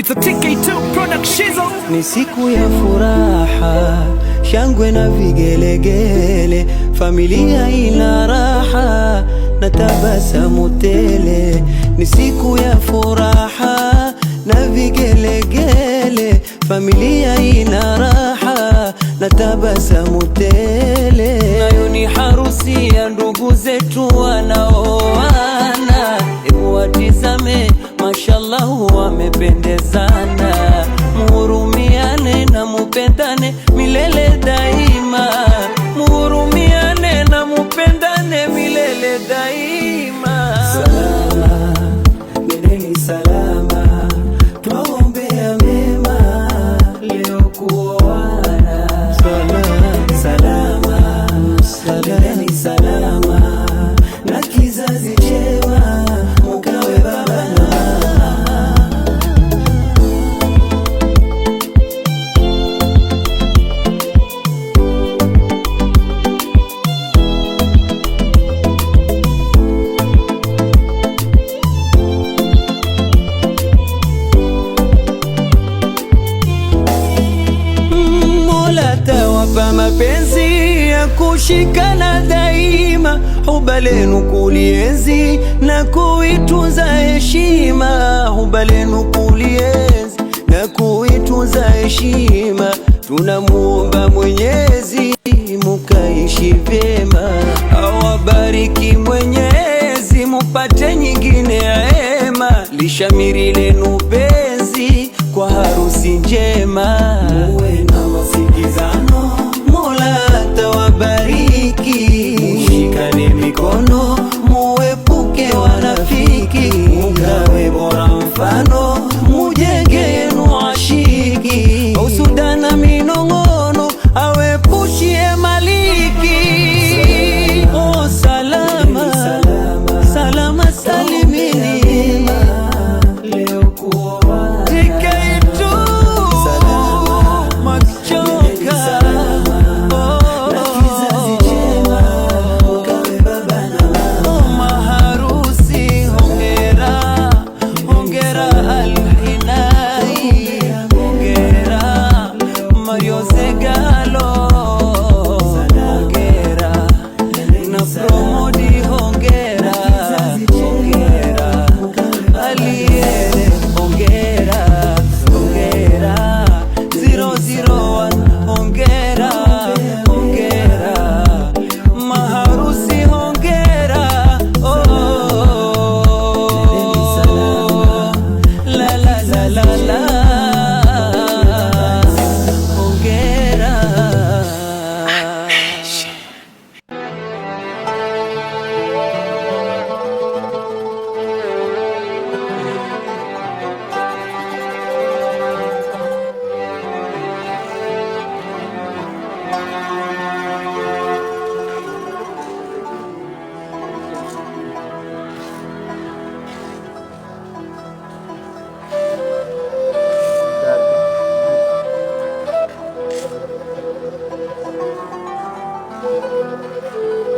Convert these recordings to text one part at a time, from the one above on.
It's a TK2 production. Ni siku ya furaha, shangwe na vigelegele, familia ina raha na tabasamu tele. Ni siku ya furaha na vigelegele, familia ina raha na tabasamu tele. Wafa mapenzi ya kushikana daima, huba lenu kulienzi na kuitunza heshima, huba lenu kulienzi na kuitunza heshima. Tunamuomba Mwenyezi mukaishi vyema, awabariki Mwenyezi mupate nyingine ya ema, lishamiri lenu Música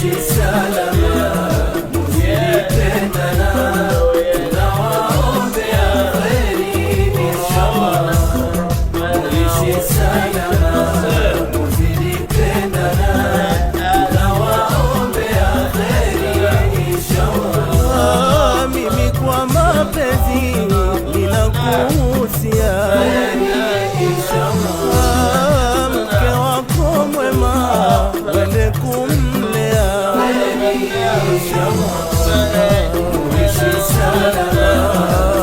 she's sana Beşi sana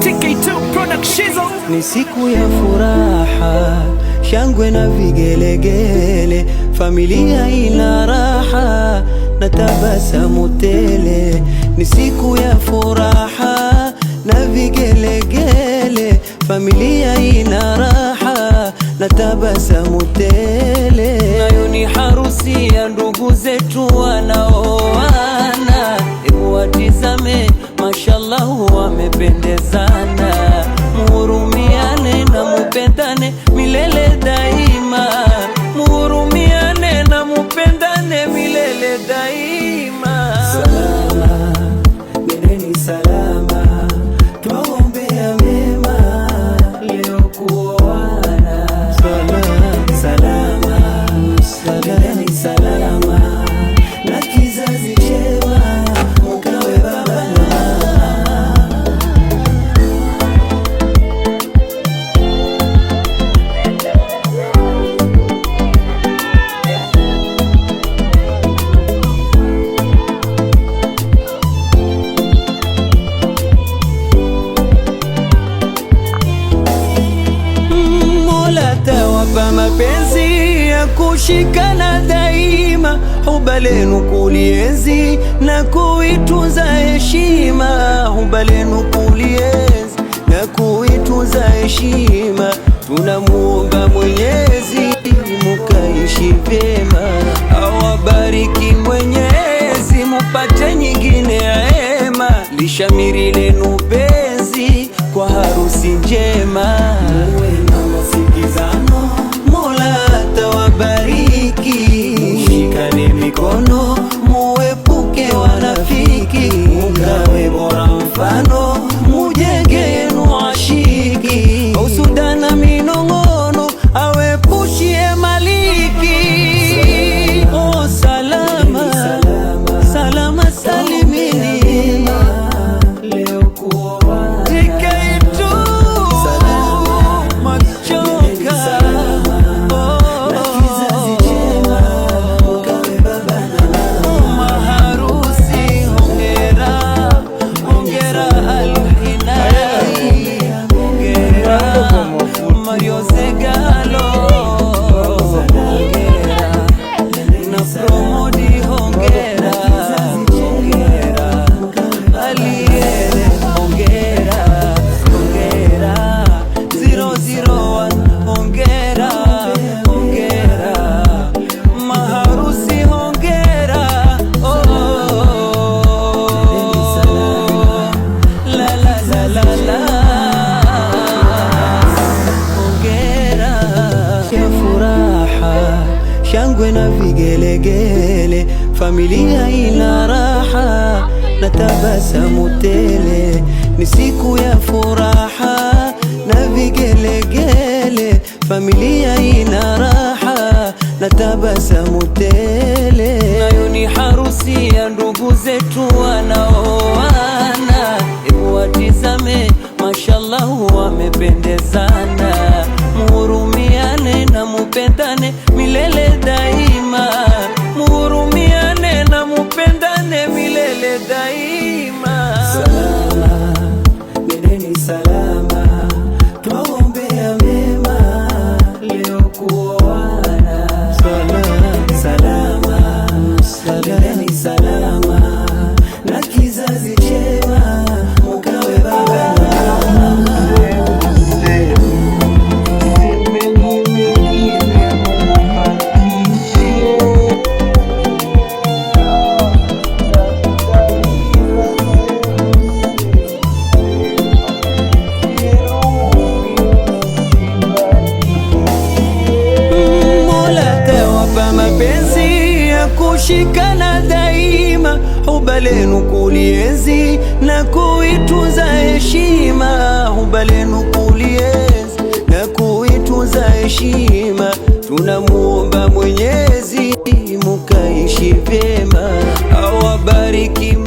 TK2 Productions ni siku ya furaha, shangwe na vigelegele, familia ina raha na tabasamu tele. Ni siku ya furaha na vigelegele, familia ina raha na tabasamu tele. Nayo ni harusi ya ndugu zetu wanaoana, watizame mashallah wamependezana kushikana daima, huba lenu kulienzi na kuituza heshima, huba lenu kulienzi na kuituza heshima. Tunamuomba Mwenyezi mukaishi vyema, awabariki Mwenyezi mupate nyingine ya hema, lishamiri lenu penzi kwa harusi njema. familia ina raha na tabasamu tele, ni siku ya furaha na vigelegele. Familia ina raha na tabasamu tele, nayo ni harusi ya ndugu zetu wanaoana. Ebu watizame, mashallah, wamependezana. Muhurumiane na mupendane milele dai daí hubalenu kulienzi na kuituza heshima, hubalenu kulienzi na kuituza heshima. Tunamuomba Mwenyezi mukaishi vyema awabariki